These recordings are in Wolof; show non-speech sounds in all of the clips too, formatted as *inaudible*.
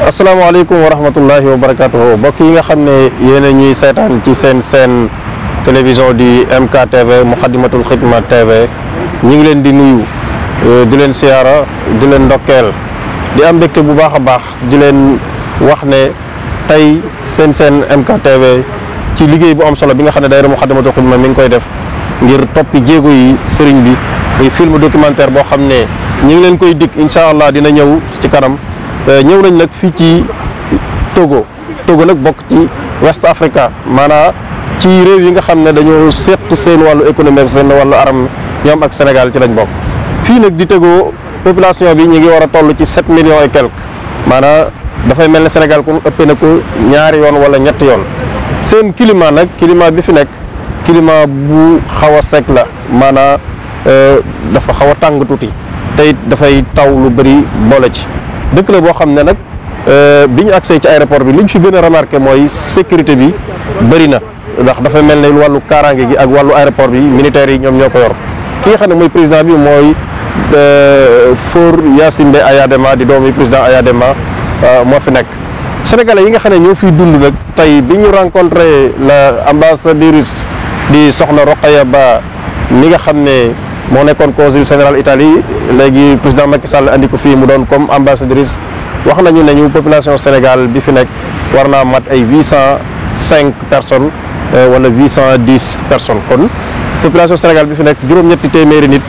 asalaamaaleykum wa rahmatullahi wa barakaatuhu mbokk yi nga xam ne yéen ñuy seetaan ci seen seen télévision di MKTV Muxaddamatul Xidma TV ñu ngi leen di nuyu euh, di leen siyaara di leen ndokkeel di am mbégte bu baax a baax di leen wax ne tey seen seen MKTV ci liggéey bu am solo bi nga xam ne daayira Muxaddamatul Xidma mi ngi koy def ngir toppi jéego yi sëriñ bi muy film documentaire boo xam ne ñu ngi leen koy dikk incha allah dina ñëw ci kanam. Euh, ñëw nañ nag fii ci Togo Togo nag bokk ci West Africa maanaam ci réew yi nga xam ne dañoo seq seen wàllu économie ak seen wàllu aram ñoom ak Sénégal ci lañ bokk fii nag di Togo population bi ñu ngi war a toll ci 7 millions et quelque maanaam dafay mel ne Sénégal ku ëppee na ko ñaari yoon wala ñetti yoon seen climat nag climat bi fi nekk climat bu xaw a sec la maanaam euh, dafa xaw a tàng tuuti te it dafay taw lu bëri boole ci. dëkk la boo xam ne nag euh, bi ñu accès ci aéroport bi li ñu fi gën a remarqué mooy sécurité bi bëri na ndax dafa mel ne wàllu kaaraange gi ak wàllu aéroport bi militaires yi ñoom ñoo ko yor ki nga xam ne mooy président bi mooy euh, Faure Yacine Ayadema di doomi président Ayadema euh, moo fi nekk. Sénégalais yi nga xam ne ñoo fiy dund nag tey bi ñu rencontré la ambassadrice di soxna Rokhaya Ba mi nga xam ne. moo nekkoon consul général Italie léegi président Macky Sall andi ko fii mu doon comme ambassadrice wax nañu ne ñu population Sénégal bi fi nekk war naa mat ay huit cent cinq personnes euh, wala huit cent dix personnes kon population Sénégal bi fi nekk juróom-ñetti téeméeri nit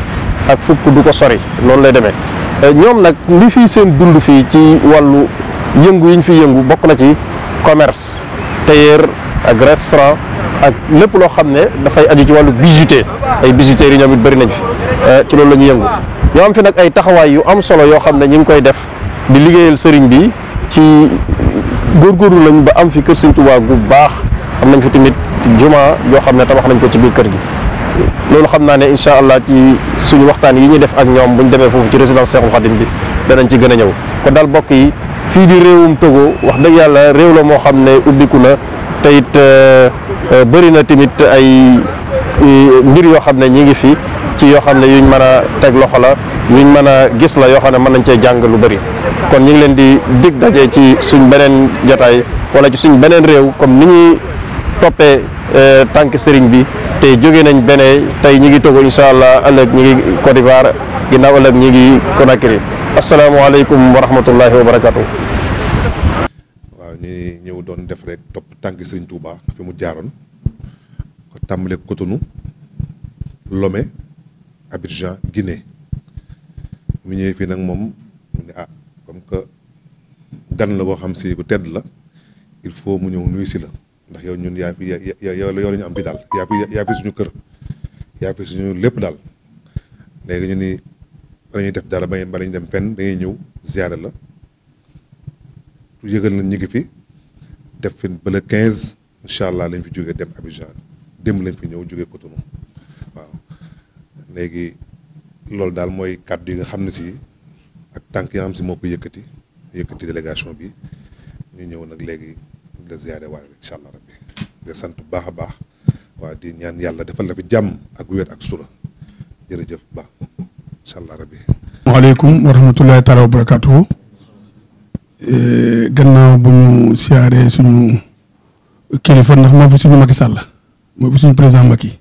ak fukk du ko sori noonu lay demee. Euh, ñoom nag li fii seen dund fii ci wàllu yëngu yi ñu fi yëngu bokk na ci commerce tailleur ak restaurant. ak lépp loo xam ne dafay aju ci wàllu bijouterie ay bijouterie yi ñoom it bari nañ fi euh, ci loolu la ñuy yëngu ñoo am fi nag ay taxawaay yu am solo yoo xam ne ñu ngi koy def di liggéeyal sëriñ bi ci góor góorgóorlu lañ ba am fi kër sëriñ Tuubaa gu baax am nañ fi tamit jumaa yoo xam ne tabax nañ ko ci biir kër gi loolu xam naa ne incha allah ci suñu waxtaan yi ñuy def ak ñoom buñ demee foofu ci résidence Cheikhoul Khadim bi danañ ci gën a ñëw kon daal bokk yi fii di réewum la moo xam ne ubbiku na te euh, Euh, bëri na tamit ay mbir yoo xam ne ñi ngi fi ci yoo xam ne yuñ mën a teg loxo la yuñ mën a gis la yoo xam ne mën nañ cee jàng lu bëri kon ñu ngi leen di dig daje ci suñ beneen jataay walla ci suñ beneen réew comme ni ñuy toppee euh, tànk sëriñ bi tey jóge nañ benee tey ñi ngi Togo incha allah ëllëg ñi ngi Côte d'Ivoire ginnaaw ëllëg ñi ngi Conakry asalaamaaleykum wa rahmatullahi wa barakatu dañuy ñëw doon def rek topp tànk Serigne Touba fi mu jaaroon ko tàmbale Cotonou lome Abidjan Guinée mu ñëwee fii nag moom mu ne ah comme que gan la boo xam si bu tedd la il faut mu ñëw nuyu si la ndax yow ñun yaa fi yaa yow la ñu am fi daal yaa fi yaa fi suñu kër yaa fi suñu lépp daal léegi ñu ni dañuy def dara ba ba ñu dem fenn dañuy ñëw ziyaare la yëgal na ñu ngi fi def fi ba le 15 allah lañ fi jógee dem Abidjan démb lañ fi ñëw jógee Cotonou waaw léegi loolu daal mooy kàddu yi nga xam ne si ak tànk yi nga xam si moo ko yëkkati yëkkati délégation bi ñu ñëw nag léegi la ziyaare waaye incha allah rabbi de sant bu baax a baax waa di ñaan yàlla defal la fi jàmm ak wér ak sutura jërëjëf baax incha allah rabbi. waaleykum wa rahmatullahi taala Eh, gannaaw bu ñu siyaaree suñu kilifa ndax moo fi suñu Macky Sall moo fi suñu président Macky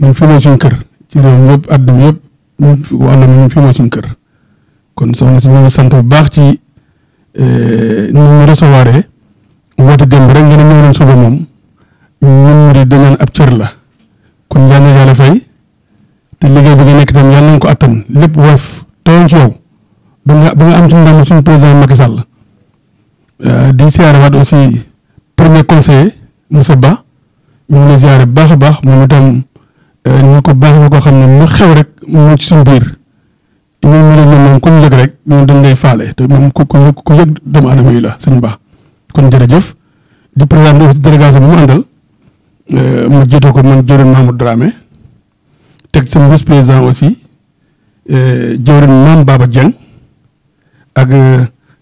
ñun fi mooy suñu kër ci réew mi yëpp àdduna yëpp ñun fi mooy suñu kër kon soxna si ñu ngi sant bu baax ci ñu eh, ñu recevoir woote démb rek ngeen ñëw suba moom ñun ñu dañu ab cër la kon yal na yàlla fay te liggéey bi nga nekk tam yal nañ ko attan lépp woyof tooyoon ci ba nga ba nga am ci ndam suñu président Macky Sall Euh, di siyaare waat aussi premier conseiller Moussa Ba ñu ngi lay siyaare baax a baax moom itam ñu euh, ko baax la ko xam ne lu xew rek mu ci suñu biir ñun ñu ne moom ku ñu yëg rek ñun dañ lay faale te moom ku ku ku doomu aadama yi la suñu baax kon jërëjëf di président aussi délégation bi mu àndal euh, mu jiite ko man jëwrin Mahmoud Dramé teg sama vice président aussi jëwrin Mame Baba Dieng ak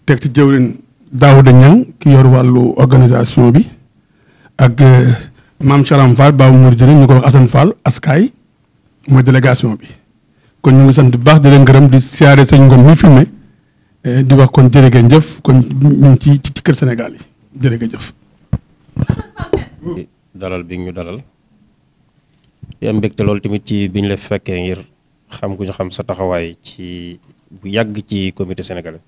teg ci jëwrin Daouda Niang ki yor wàllu organisation bi ak euh, maam Charam Fall Babou Mour Dieng ñu ko wax Assane Fall askaay mooy délégation bi kon ñu ngi sant bu baax di leen gërëm di siyaare sëñ Ngom mi filmé euh, di wax kon jërë ngeen jëf kon ñu ci ci kër Sénégal yi jërë ngeen dalal bi ñu dalal di am mbégte loolu tamit ci biñ la fekkee ngir xam gu ñu xam sa taxawaay ci bu yàgg ci comité sénégalais.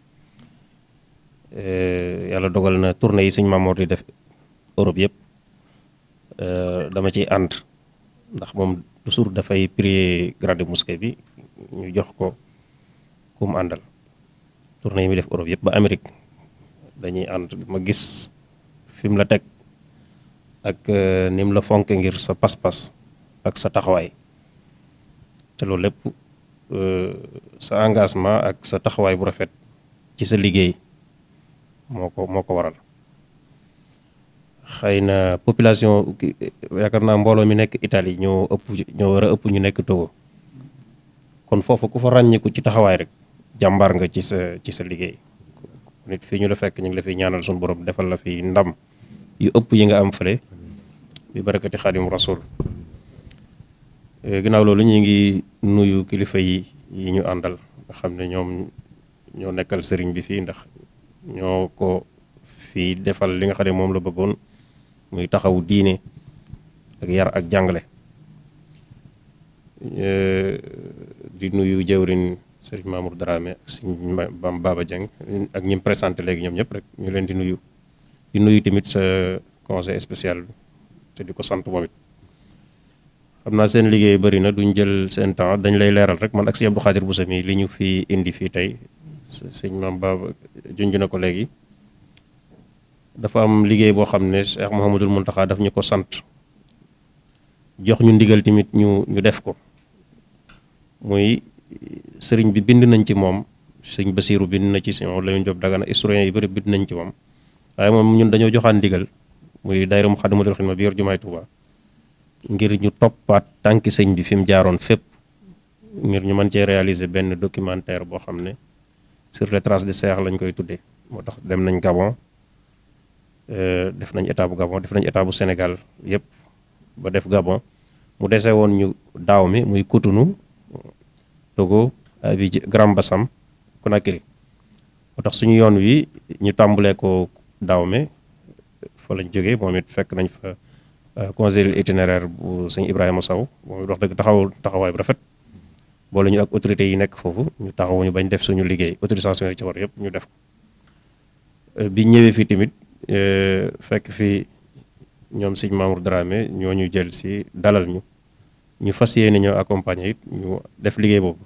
Eh, yàlla dogal na tournée yi suñ Mamour di def Europe yëpp eh, dama ciy ànd ndax moom toujours dafay prier grande mosquée bi ñu jox ko ku mu àndal tournée yi muy def Europe yëpp ba Amérique dañuy ànd ma gis fi mu la teg ak eh, ni mu la fonke ngir sa pas-pas ak sa taxawaay te loolu lépp sa engagement ak sa taxawaay bu rafet ci sa liggéey moo ko moo ko waral xëy na population yaakaar naa mbooloo mi nekk Italie ñoo ëpp ñoo war ëpp ñu nekk Togo kon foofu ku fa ràññeeku ci taxawaay rek jàmbaar nga ci sa ci sa liggéey nit fii ñu la fekk ñu ngi la fi ñaanal suñu borom defal la fi ndam yu ëpp yi nga am fële bi barakati xaadim rasul ginnaaw loolu ñu ngi nuyu kilifa yi yi ñu àndal xam ne ñoom ñoo nekkal sëriñ bi fii ndax ñoo ko fi defal li nga xam ne moom la bëggoon muy taxaw diine ak yar ak jàngale euh, di nuyu jëwriñ sëriñ Mamour Dramé ak sëriñ Bam Baba jeng ak ñim présenté léegi ñoom ñëpp rek ñu leen di nuyu di nuyu timit sa conseil spécial te di ko sant moom xam naa seen liggéey bëri na duñ jël seen temps dañ lay leeral rek man ak si Abdou Khadir Boussa mi li ñu fi indi fii tey sëñ maam Baba junj na ko léegi dafa am liggéey boo xam ne Cheikh Mouhamadul taxaa daf ñu ko sant jox ñu ndigal tamit ñu ñu def ko muy sëriñ bi bind nañ ci moom sëñ Basiiru bind na ci si moom Lamine Diop Dagana historien yu bëri bind nañ ci moom waaye moom ñun dañoo joxaan ndigal muy daayira Moukhaddamatoul Khidma bi yor jumaay Tuuba ngir ñu toppaat tànki sëñ bi fi mu jaaroon fépp ngir ñu mën cee réaliser benn documentaire boo xam ne sur les traces de Cheikh lañ koy tuddee moo tax dem nañ Gabon euh, def nañ état bu Gabon def nañ état bu Sénégal yëpp ba def Gabon mu dese woon ñu daaw mi muy Cotonou Togo bi Grand-Bassam Conakry moo tax suñu yoon wi ñu tàmbalee ko daaw mi fa lañ jóge moom it fekk nañ fa euh, conseil itinéraire bu sëñ Ibrahima Sow moom it wax dëgg taxaw taxawaay bu rafet boole ñu ak autorité yi nekk foofu ñu taxawuñu bañ def suñu liggéey autorisation yi ci war yëpp ñu def ko euh, bi ñëwee fii tamit euh, fekk fi ñoom sëñ Mamour Dramé ñoo ñu jël si dalal ñu ñu fas yéene ñoo accompagner it ñu def liggéey boobu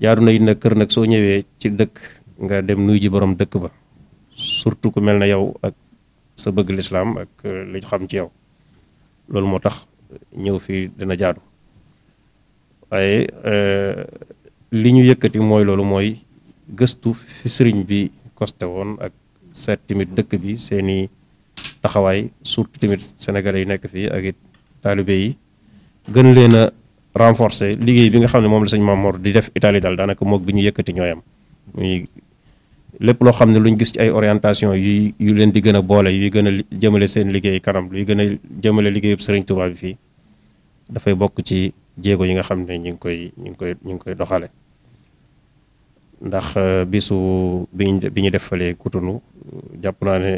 jaaru na it nag kër nag soo ñëwee ci dëkk nga dem nuyu ji borom dëkk ba surtout ku mel na yow ak sa bëgg lislaam ak euh, lu ñu xam ci yow loolu moo tax ñëw fii dina jaadu waaye eh, li ñu yëkkati mooy loolu mooy gëstu fi sëriñ bi costé woon ak seet tamit dëkk bi seeni taxawaay surtout tamit sénégalais yi nekk fii ak it taalibe yi gën leen a renforcer liggéey bi nga xam ne moom la sëñ Mamour di def Italie daal daanaka moog bi ñu yëkkati ñooyam muy lépp loo xam ne luñ gis ci ay orientation yu yu leen di gën a boole yuy gën a jëmale seen liggéey kanam luy gën a jëmale liggéeyub sëriñ Touba bi fii dafay bokk ci jéego yi nga xam ne ñi ngi koy ñi ngi koy ñi ngi koy doxale ndax euh, bisu biñ bi ñu def fale jàpp naa ne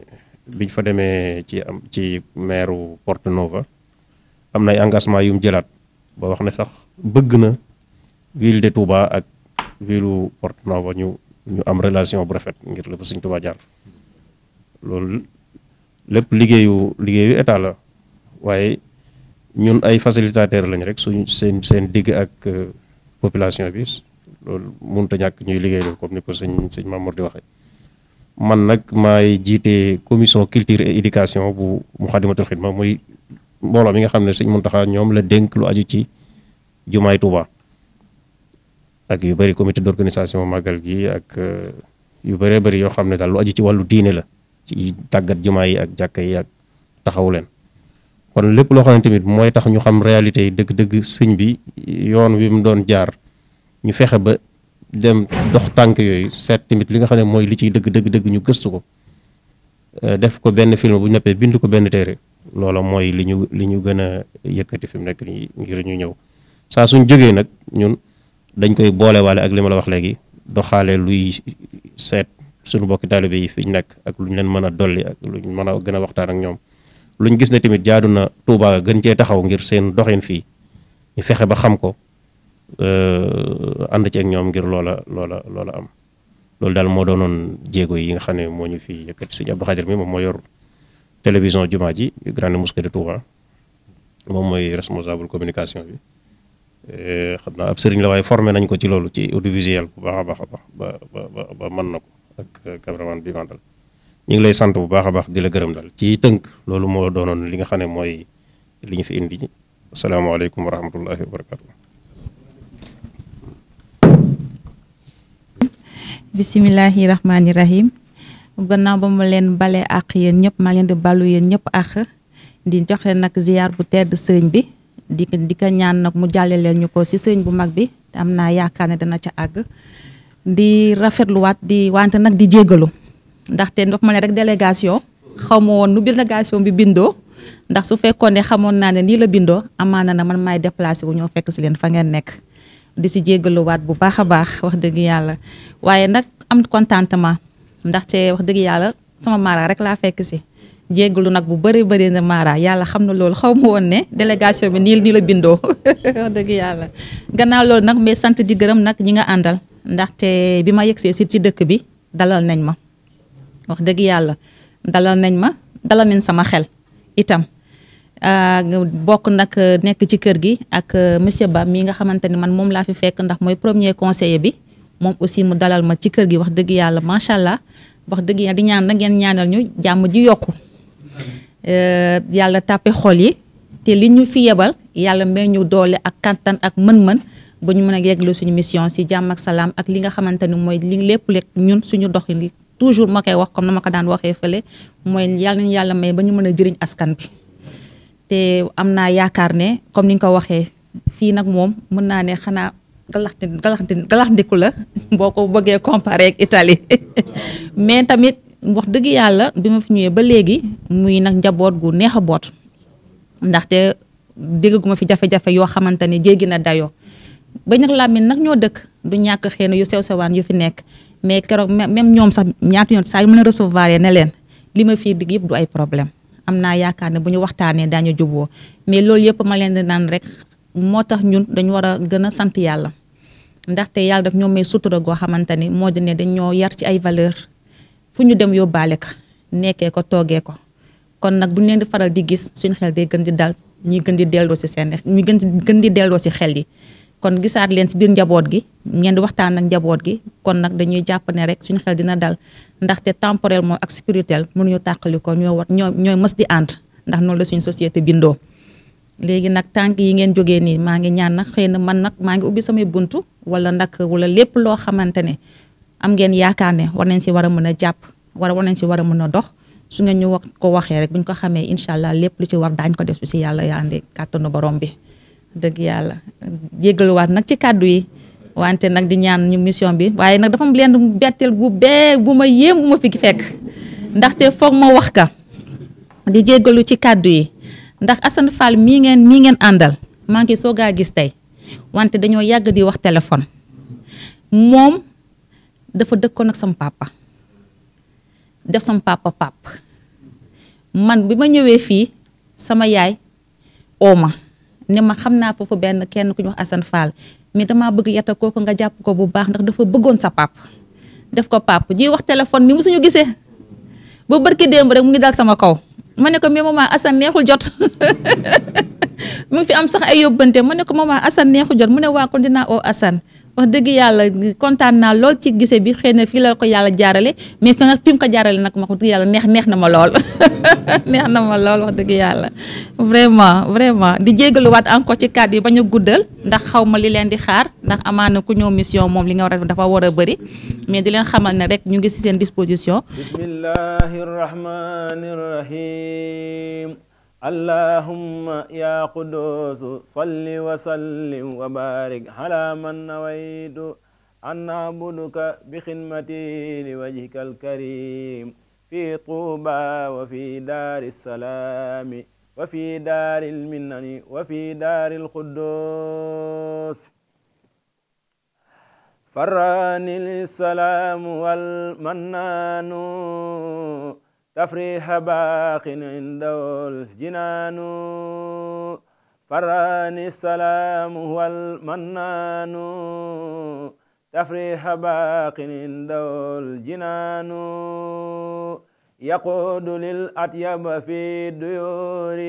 biñ fa demee ci am ci meeru Porto Novo am na ay engagement yu jëlaat ba wax ne sax bëgg na ville de Touba ak ville Porto Novo ñu am relation bu rafet ngir la fa Sëñ Touba jaar loolu lépp liggéeyu liggéeyu état la waaye ñun ay facilitateur lañu rek suñu seen seen digg ak euh, population bi loolu mënut a ñàkk ñuy liggéey loolu comme ni ko sëñ sëñ Mamour di waxee. man nag maay jiite commission culture et éducation bu Muxaddamatul Xidma muy mbooloo mi nga xam ne sëñ Muntaxa ñoom la dénk lu aju ci jumaay Tuuba ak yu bëri comité d'organisation màggal gi ak euh, yu bëree bari yoo xam ne daal lu aju ci wàllu diine la ci tàggat jumaa yi ak jàkka yi ak taxawu leen kon lépp loo xamante tamit mooy tax ñu xam réalité yi dëgg-dëgg sëñ bi yoon wi mu doon jaar ñu fexe ba dem dox tànk yooyu seet tamit li nga xam ne mooy li ciy dëgg dëgg dëgg ñu gëstu ko euh, def ko benn film bu ñëppee bind ko benn téere loola mooy li ñu li ñu gën a yëkkati fi mu nekk nii ngir ñu ñëw saa suñ jógee nag ñun dañ koy boolewaale ak li ma la wax léegi doxaale luy seet suñu bokki taalibe yi fi ñu nekk ak lu ñu leen mën a dolli ak lu ñu mën a gën a waxtaan ak ñoom luñ gis ne tamit jaadu na Touba gën cee taxaw ngir seen doxin fii ñu fexe ba xam ko euh, ànd ceek ñoom ngir loola loola loola am loolu daal moo doon doonoon jéego yi nga xam ne moo ñu fi yëkkati sëñ Abdou Khadir mi moom moo yor télévision jumaa ji grande mosquée de moom mooy responsable communication bi euh, xam naa ab sëriñ la waaye formé nañ ko ci loolu ci audiovisuel bu baax a baax a baax ba ba ba man na ko ak euh, cameraman bi mandal ñu ngi lay sant bu baax a baax di la gërëm daal ci tënk loolu moo doonoon li nga xam ne mooy li ñu fi indi asalaamaaleykum wa rahmatullahi wa barakaatu. bisimilahi rahmaani rahim gannaaw ba mu leen bale àq yéen ñëpp maa leen di balu yéen ñëpp àq di joxe nag ziar bu tedd sëñ bi di di ko ñaan nag mu jàllee leen ñu ko ci sëñ bu mag bi am naa yaakaar ne dana ca àgg di rafetluwaat di wante nag di jégalu ndaxte ndox ma ne rek délégation xaw ma woon nu délégation bi bindoo ndax su fekkoon ne xamoon naa ne nii la bindoo amaana na man maay déplacé wu ñoo fekk si leen fa ngeen nekk di si jéggaluwaat bu baax a baax wax dëgg yàlla waaye nag am contentement ndaxte wax dëgg yàlla sama mara rek laa fekk si jéggalu nag bu bëri bëri na mara yàlla xam na loolu xaw ma woon ne délégation bi nii nii la bindoo *laughs* wax dëgg yàlla gannaaw loolu nag mais sant di gërëm nag ñi nga àndal ndaxte bi ma yegsee si ci dëkk bi dalal nañ ma wax dëgg yàlla dalal nañ ma dalal nañ sama xel itam euh, bokk nag euh, nekk ci kër gi ak euh, monsieur Ba mi nga xamante ni man moom laa fi fekk ndax mooy premier conseiller bi moom aussi mu dalal ma ci kër gi wax dëgg yàlla macha allah wax dëgg yàlla di ñaan nag ngeen ñaanal ñu jàmm ji yokku yàlla tàppe xol yi te li ñu fi yebal yàlla may ñu doole ak kattan ak mën-mën ba ñu mën a yeglu suñu mission si jàmm ak salaam ak li nga xamante ni mooy li lépp lépp ñun suñu doxin toujours ma koy wax comme na ma ko daan waxee fële mooy yàlla nañu yàlla may ba ñu mën a jëriñ askan bi te am naa yaakaar ne comme ni nga ko waxee fii nag moom mën naa ne xanaa galaxte galaxte galaxndiku la *laughs* boo ko bëggee comparer ak Italie *laughs* mais tamit wax dëgg yàlla bi ma fi ñëwee ba léegi muy nag njaboot gu neex a boot ndaxte dégguma fi jafe-jafe yoo xamante ne jéggi na dayoo ba nag làmmiñ nag ñoo dëkk du ñàkk xëy na yu sew sewaan yu fi nekk mais keroog même ñoom sax ñaata yoon saa yu ma leen recevoir ne leen li ma fii digg yëpp du ay problème am naa yaakaar ne bu ñu waxtaanee daañu juboo mais loolu yëpp ma leen di naan rek moo tax ñun dañu war a gën a sant yàlla ndaxte yàlla daf ñoo may sutura goo xamante ni moo di dañ ñoo yar ci ay valeur fu ñu dem yóbbaale ko nekkee ko toogee ko kon nag bu ñu leen di faral di gis suñu xel day gën di dal ñuy gën di delloo si seen ñuy gën di gën di delloo si xel yi kon gisaat leen si biir njaboot gi ngeen di waxtaan ak njaboot gi kon nag dañuy jàpp ne rek suñ xel dina dal ndaxte temporel moom ak spirituel mënuñu tàqali ko ñoo war ñoo ñooy mës di ànd ndax noonu la suñu societé bindoo. léegi nag tànk yi ngeen jógee nii maa ngi ñaan nag xëy na man nag maa ngi ubbi samay buntu wala nag wala lépp loo xamante ne am ngeen yaakaar ne war nañ si war a mën a jàpp war a war nañ si war a mën a dox su ngeen ñu wax ko waxee rek bu ñu ko xamee incha allah lépp lu ci war daañ ko def si yàlla yaa andi kàttanu borom bi. dëgg yàlla jéggaluwaat nag ci kàddu yi wante nag di ñaan ñu mission bi waaye nag dafa am leen betteel bu bee bu ma yéem bu ma fi fekk ndaxte foog ma wax ka di jéggalu ci kàddu yi ndax Assane Fall mii ngeen mii ngeen àndal maa ngi soog a gis tey wante dañoo yàgg di wax téléphone moom dafa dëkkoon ak sam papa def sam papa man bi ma ñëwee fii sama yaay ooma ne ma xam naa foofu benn kenn ku ñu wax Assane Fall mais damaa bëgg yata kooku nga jàpp ko bu baax ndax dafa bëggoon sa pap def ko pap ji wax téléphone mi musuñu gisee ba barki démb rek mu ngi dal sama kaw ma ne ko mais maman Assane neexul jot *laughs* mu fi am sax ay yóbbante ma ne ko maman Assane neexul jot mu ne waa kon dinaa o Assane wax dëgg yàlla kontaan naa lool ci gise bi xëy na fii la ko yàlla jaarale mais fi nga fi mu ko jaarale nag ma dëgg yàlla neex neex na ma lool *laughs* neex na ma lool wax dëgg yàlla vraiment vraiment di jégaluwaat encore ci kàddu yi bañ a guddal ndax xaw ma li leen di xaar ndax amaana ku ñëw mission moom li nga war a dafa war a bëri mais di leen xamal ne rek ñu ngi ci seen disposition bismillahi allahumma ya quduusu salli wa sallim wa barik ala man nawaytu an na'buduka bi xidmati li wajhika alkarim fi tuuba wa fi daari salaami wa fi daari lminnani wa fi daari lquddus farani lsalaamu walmannaanu تفريح باق عنده الجنان فراني السلام هو المنان تفريح باق عنده الجنان يقود للأطيب في الديور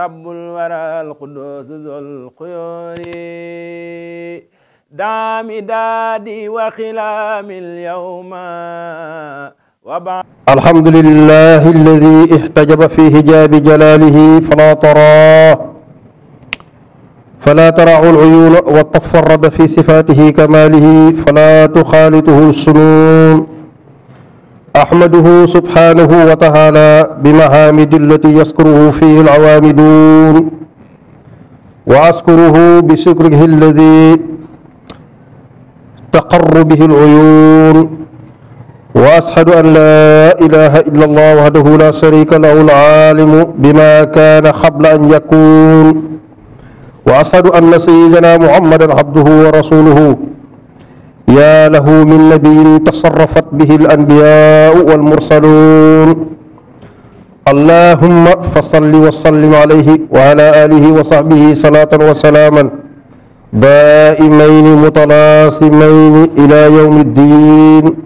رب الورى القدوس ذو القيور دام دادي وخلام اليوم وبعد الحمد لله الذي احتجب في حجاب جلاله فلا تراه فلا تراه العيون والطف الرد في صفاته كماله فلا تخالطه السنون أحمده سبحانه وتعالى بمحامد التي يذكره فيه العوامدون وأذكره بشكره الذي تقر به العيون وأشهد أن لا إله إلا الله وحده لا شريك له العالم بما كان قبل أن يكون وأشهد أن سيدنا محمدا عبده ورسوله يا له من نبي تصرفت به الأنبياء والمرسلون اللهم فصل وسلم عليه وعلى آله وصحبه صلاة وسلاما دائمين متلازمين إلى يوم الدين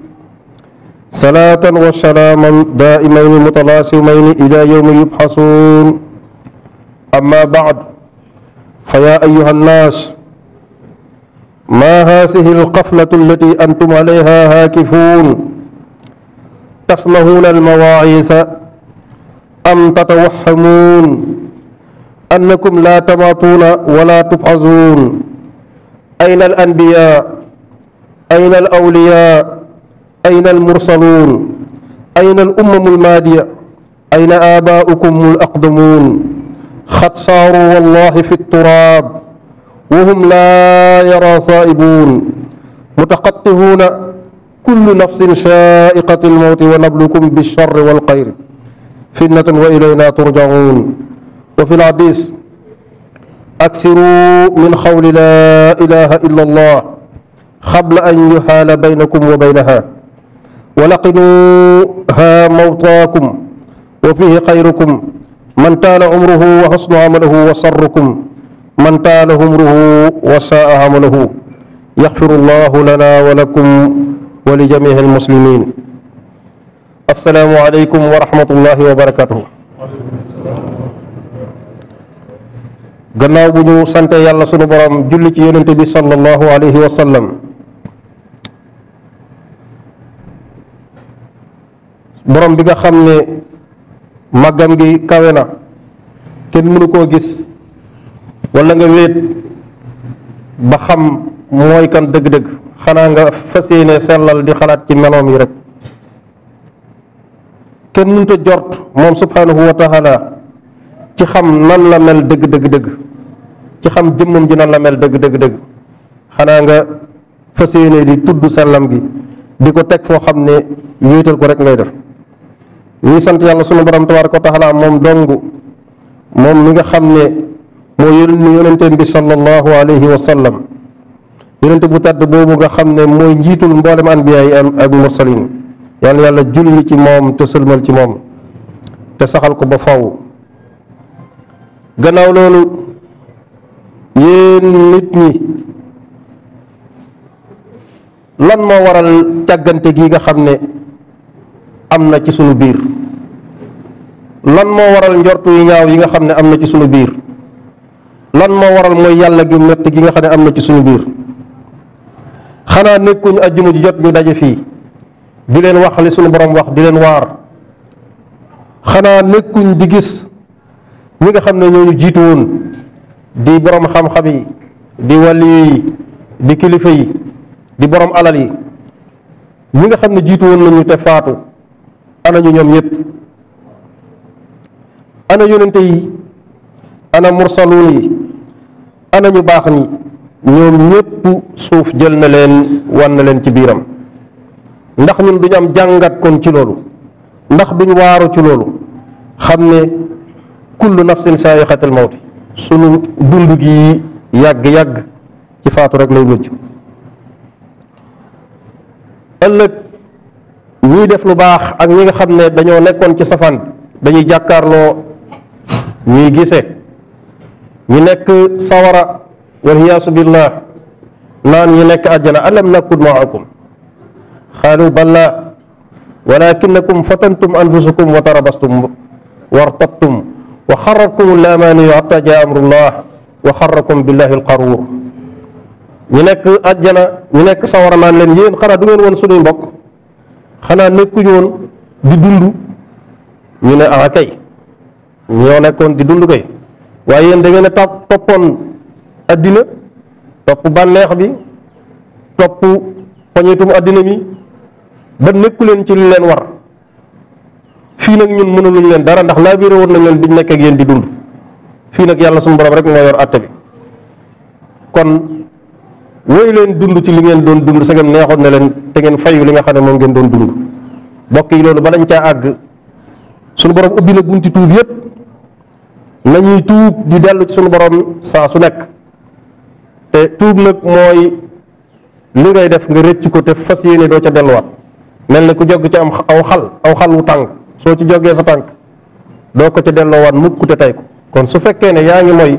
salaatan wa salaaman daa'imayni mutalaasimayni ilaa yawmi yubxasuun amma bacd fa yaa ayyuha nnaas maa haasihi alqaflatu allati antum alayha haakifuun tasmahuuna almawaaciisa am tatawahamuun annakum laa tamaatuuna wala tubxasuun ayna alanbiyaa ayna alawliyaa أين المرسلون أين الأمم المادية أين آباؤكم الأقدمون قد صاروا والله في التراب وهم لا يرى ثائبون متقطعون كل نفس شائقة الموت ونبلكم بالشر والخير فتنة وإلينا ترجعون وفي الحديث أكثروا من قول لا إله إلا الله قبل أن يحال بينكم وبينها ولقنوها موطاكم وفيه خيركم من تال عمره وحسن عمله وسركم من تال عمره وساء عمله يغفر الله لنا ولكم ولجميع المسلمين السلام عليكم ورحمة الله وبركاته gannaaw bu ñu sante yàlla sunu borom julli ci yonente bi sallallahu alayhi wa sallam borom bi nga xam ne màggam gi kawe na kenn mënu koo gis wala nga wéet ba xam mooy kan dëgg-dëgg xanaa nga fas yéene sellal di xalaat ci meloom yi rek kenn mënta jort moom subhanahu wa na ci xam nan la mel dëgg dëgg ci xam jëmmam ji nan la mel dëgg dëgg dëgg xanaa nga fas yéene di tudd sellam gi di ko teg foo xam ne wéetal ko rek ngay def ñu sant yàlla sunu borom tabaaraka wa moom dong moom mi nga xam ne moo yónni yonenteem bi sallallahu alayhi wa sallam bu tàdd boobu nga xam ne mooy njiitul mboolem anbiya ak mursalin yàlla yàlla julli ci moom te sëlmal ci moom te saxal ko ba faw gannaaw loolu yéen nit ñi lan moo waral càggante gi nga xam ne am na ci suñu biir lan moo waral njortu yu ñaaw yi nga xam ne am na ci suñu biir lan moo waral mooy yàlla gi metti gi nga xam ne am na ci sunu biir xanaa nekkuñ ajjuma ji jot ñu daje fii di leen wax li sunu borom wax di leen waar xanaa nekkuñ di gis ñi nga xam ne ñooñu jiitu woon di boroom xam-xam yi di wàlli yi di kilifa yi di boroom alal yi ñi nga xam ne jiitu woon nañu te faatu anañu ñoom ñëpp ana yonente yi ana mursaluun yi ana ñu baax ni ñoom ñëpp suuf jël na leen wan na leen ci biiram ndax ñun duñu am jàngat kon ci loolu ndax duñ waaru ci loolu xam ne kullu nafsin saayiqatul mawti sunu dund gi yàgg-yàgg ci faatu rek lay mujj ëllëg ñuy def lu baax ak ñi nga xam ne dañoo nekkoon ci safaan bi dañuy jàkkaarloo ñuy gise ñi nekk sawara walhiyaasu billah naan ñi nekk àjjana alam nakud maakum xaalu balla walakinakum fatantum anfusakum wa tarabastum wartabtum wa xarrakum llaamaaniyu xata jaa amrullah wa xarrakum billahi alqaruur ñi nekk àjjana ñi nekk sawara naan leen yéen xaraa du ngeen woon suñuy mbokk xanaa nekkuñoon woon di dund ñu ne ah kay ñoo nekkoon di dund kay waaye yenn dangeen a topp toppoon addina topp bànneex bi topp poñetum addina mi ba nekku leen ci li leen war fii nag ñun mënuluñ leen dara ndax laa biire woon nañ leen biñ nekk nekkee yéen di dund fii nag yàlla suñu borom rek moo yor àtte bi kon wéy leen dund ci li ngeen doon dund sa ngeen neexoon na leen te ngeen fayu li nga xam ne moom ngeen doon dund bokk yi loolu ba lañ caa àgg suñu borom ubbi na gunti tuub yépp nañuy tuub di dellu ci suñu borom saa su nekk te tuub nag mooy li ngay def nga rëcc ko te fas yéene doo ca delluwaat mel ne ku jog ci am aw xal aw xal wu tànk soo ci jogee sa tànk doo ko ca delloowaat mukk te tey ko kon su fekkee ne yaa ngi mooy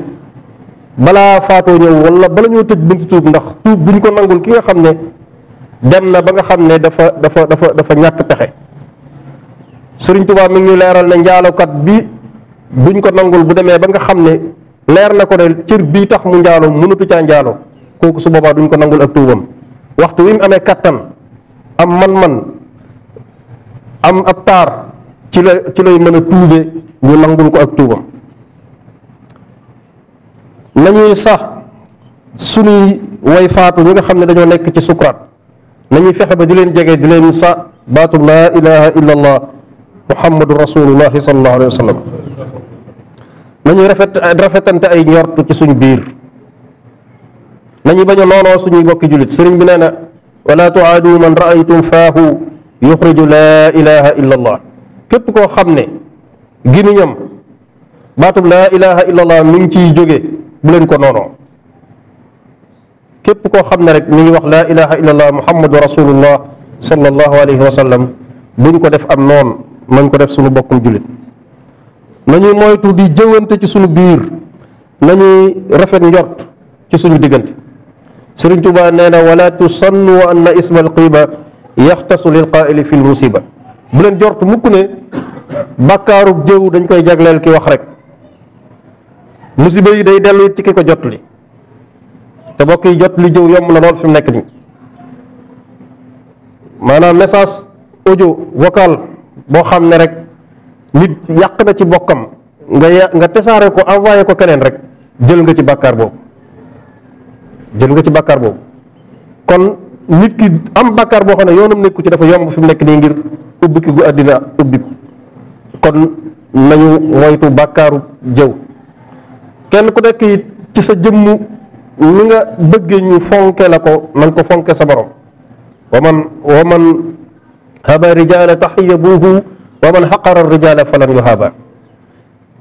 balaa faatoo ñëw wala bala ñoo tëj buntu tuub ndax tuub buñ ko nangul ki nga xam ne dem na ba nga xam ne dafa dafa dafa dafa ñàkk pexe Sëriñ Tuubaa mi ngi ñu leeral ne njaalokat bi buñ ko nangul bu demee ba nga xam ne leer na ko ne cër bii tax mu njaaloo njaalo mënatu caa njaalo kooku su boobaa duñ ko nangul ak tuubam waxtu wi mu amee kattan am man-man am ab taar ci la ci lay mën a tuube ñu nangul ko ak tuubam nañuy sax suñuy way faatu ñi nga xam ne dañoo nekk ci sukuraat nañuy fexe ba di leen jege di leen sax baatub laa ilaha illa allah muhammadu rasulullahi sallallahu alayhi wa sallam nañuy rafet rafetante ay njort ci suñ biir nañu bañ a noonoo suñuy bokki julit sëriñ bi nee na wala tuaadu man raaytum faahu yuxriju laa ilaha illa allah képp koo xam ne gimiñam baatub laa ilaha illa allah mi ngi ciy jóge buleen ko noonoo képp koo xam ne rek mi ngi wax laa ilaha illallah muhammadu rasulullah sallallahu alayhi wa sallam buñ ko def am noon nañ ko def suñu bokkum jullit nañuy moytu di jëwante ci suñu biir nañuy rafet njort ci suñu diggante sëriñ Tuubaa nee na walaatu tusannu anna isma alqiba yaxtasu lil qaa'ili fi l musiba bu leen jort mukk ne bàkkaarug jëw dañ koy jagleel ki wax rek musiba yi day dellu ci ki ko jot li te bokk jot li jëw yomb na lool fi nekk nii maanaam message ojo vocal boo xam ne rek nit yàq na ci bokkam nga nga tasaare ko envoyé ko keneen rek jël nga ci bàkkaar boobu jël nga ci bàkkaar boobu kon nit ki am bàkkaar boo xam ne yoonam nekku ci dafa yomb fi mu nekk nii ngir ubbiku gu àddina ubbiku kon nañu moytu bàkkaaru jëw kenn ku nekk it ci sa jëmm ni nga bëgge ñu fonke la ko nanga ko fonke sa borom wa man wa man haba rijala taxiyabuhu wa man xaqara rijala falan yuhaba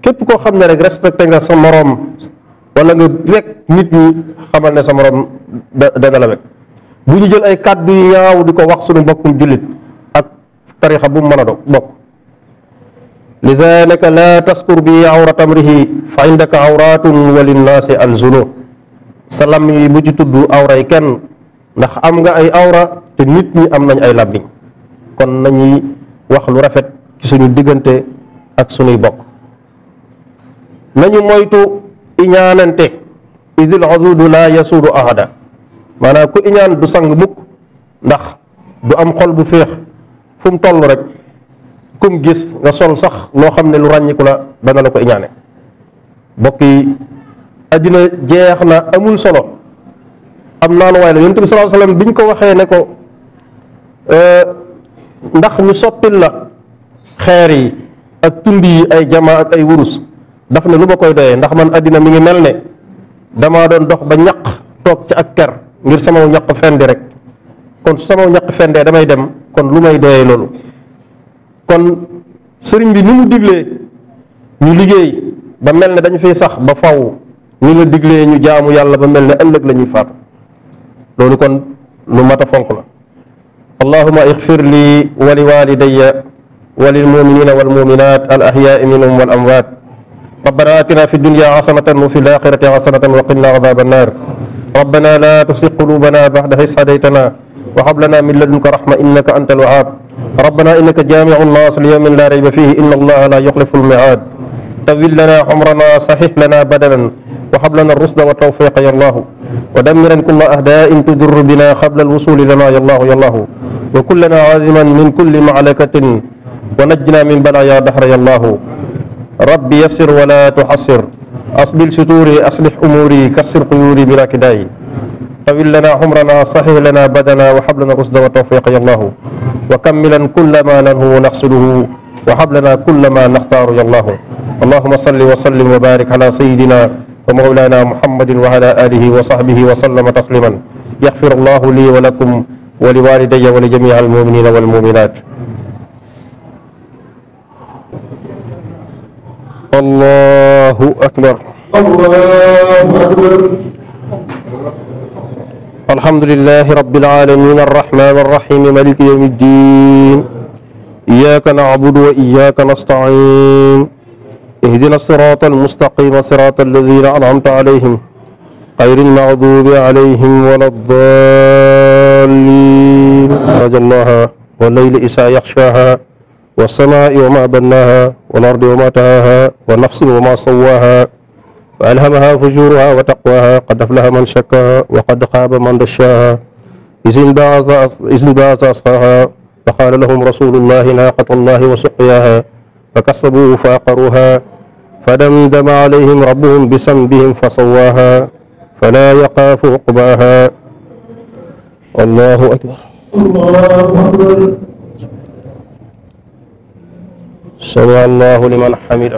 képp koo xam ne rek respecté nga sa moroom wala nga rekk nit ñi xamal ne sa moroom da dana la wekk bu ñu jël ay kàddu yu di ko wax sunu mbokkum jullit ak tarixa bu mu mën a do bokk li lisaanaka laa tastur bi awrat amrihi fa indaka awratun wa linnaasi alzunu sa làmmiñ bu ci tudd awray kenn ndax am nga ay awra te nit ñi am nañ ay làmmiñ kon nañuy wax lu rafet ci suñu diggante ak suñuy bokk nañu moytu iñaanante isil azudu laa yasuudu ahada maanaa ku iñaan du sang mukk ndax du am xol bu féex fu mu toll rek kum gis nga sol sax loo xam ne lu ràññiku la dana la ko iñaane mbokk yi àddina jeex na amul solo am naan waaye la yonent bi sallallahu alayhi wasallam ko waxee ne ko euh, ndax ñu soppil la xeer yi ak tund ay jamaa ay wurus daf ne lu koy doyee ndax man àddina mi ngi mel ne damaa doon dox ba ñaq toog ci ak ker ngir sama ñaq fendi rek kon su sama ñaq fendee damay dem kon lu may doyee loolu kon sëriñ bi ni mu diglee ñu liggéey ba mel ne dañu fiy sax ba faw ni la diglee ñu jaamu yàlla ba mel ne ëllëg la ñuy faatu loolu kon lu mat a fonk la allahuma ixfir li wa li walidaya wa lilmuminina walmuminat al ahyaai minhum wal amwaat rabbana atina fi dunya xasanatan wa fi l axirati xasanatan wa qina adaba annar rabbana la tusi qulubana baxda is hadaytana وهب لنا من لدنك رحمة إنك أنت الوهاب ربنا إنك جامع الناس ليوم لا ريب فيه إن الله لا يخلف الميعاد طول لنا عمرنا صحح لنا بدلا وهب لنا الرشد والتوفيق يا الله ودمرا كل أهداء تجر بنا قبل الوصول لنا يا الله يا الله وكلنا عازما من كل معلكة ونجنا من بلايا دهر يا الله رب يسر ولا تحصر أصبل ستوري أصلح أموري كسر قيوري بلا كداي طويل لنا عمرنا صحيح لنا بدنا وحب لنا الرشد والتوفيق يا الله وكملا كل ما ننهو نحصله وحب لنا كل ما نختار يا الله اللهم صل وسلم وبارك على سيدنا ومولانا محمد وعلى آله وصحبه وسلم تسليما يغفر الله لي ولكم ولوالدي ولجميع المؤمنين والمؤمنات الله أكبر الله أكبر الحمد لله رب العالمين الرحمن الرحيم مالك يوم الدين إياك نعبد وإياك نستعين اهدنا الصراط المستقيم صراط الذين أنعمت عليهم غير المغضوب عليهم ولا الضالين الله والليل إسا يخشاها والسماء وما بناها والأرض وما تهاها ونفس وما سواها wa alhamaha fujuraha wa taqwaha qad aflaha man shakkaha wa qad xaaba man dashaaha izin baasa asqaaha fa qaala lahum rasulullahi naaqata allahi wa suqyaaha fa kasabuuhu fa aqaruuha fa damdama alayhim rabbuhum bisambihim fa sawaaha fala yaqaafu uqbaaha allahu akbar sami allahu liman hamida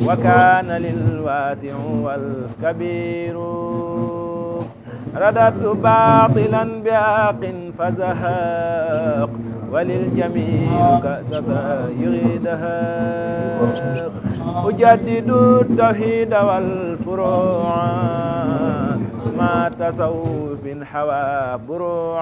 wa kaana lil waasi'u wal kabiiru radadtu baatilan bi haqqin fa zahaq walil jamii'u ka'sa yughidaq ujaddidu tawhiida wal furuu'a ma tasawwufin hawa buruu'a